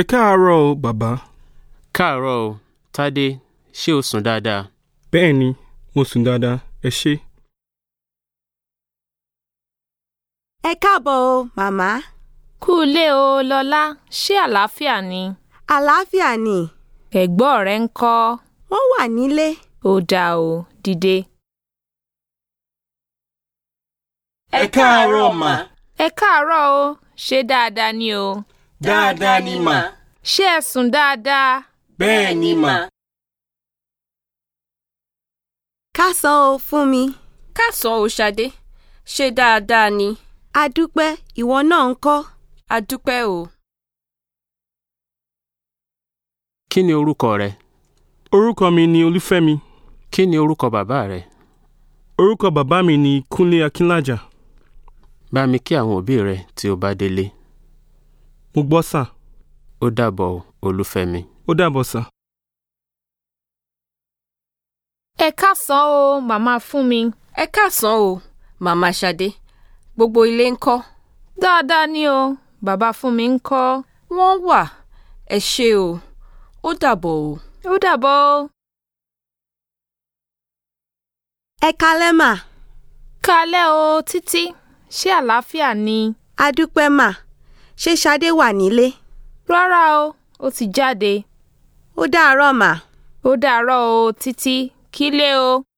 ẹ káàárọ̀ o bàbá. káàárọ̀ o Tade, ṣé o sùn dáadáa. bẹ́ẹ̀ ni mo sùn dáadáa ẹ ṣe. ẹ káàbọ̀ o màmá. kú o lọ́lá ṣé àlàáfíà ni. àlàáfíà ni. ẹ̀gbọ́n rẹ ń kọ́. wọ́n wà nílé. ó dáa o dìde. ẹ káàárọ̀ màá. ẹ káàárọ̀ o ṣe dáadáa ni o. Dáadáa ni mà. Ṣé ẹ sùn dáadáa? Bẹ́ẹ̀ ni mà. Kásán o fún mi. Kásán o Ṣadé. Ṣé dáadáa ni? Adúpẹ́, ìwọ náà ńkọ́? Adúpẹ́ o. Kí ni orúkọ rẹ? Orúkọ mi ni Olúfẹ́mi. Kí ni orúkọ bàbá rẹ? Orúkọ bàbá mi ni Kúnlé Akínlájà. Bá mi kí àwọn òbí rẹ tí o bá délé mo gbọ́ sà. ó dàbọ̀ olúfẹ́mi. ó dàbọ̀ sà. ẹ káàsán o màmá fún mi ẹ káàsán o màmá ṣadé gbogbo ilé ńkọ́ dáadáa ni o bàbá fún mi ńkọ́ wọ́n wà ẹ ṣé o ó dàbọ̀ o. ó dàbọ̀ o. ẹ kalẹ́ mà. kalẹ́ o títí ṣé àlàáfíà ni. a dúpẹ́ mà ṣé Ṣadé wà nílé? Rárá o, ó ti jáde. Ó dàárọ̀ mà. Ó dàárọ̀ o Títí, kílé o.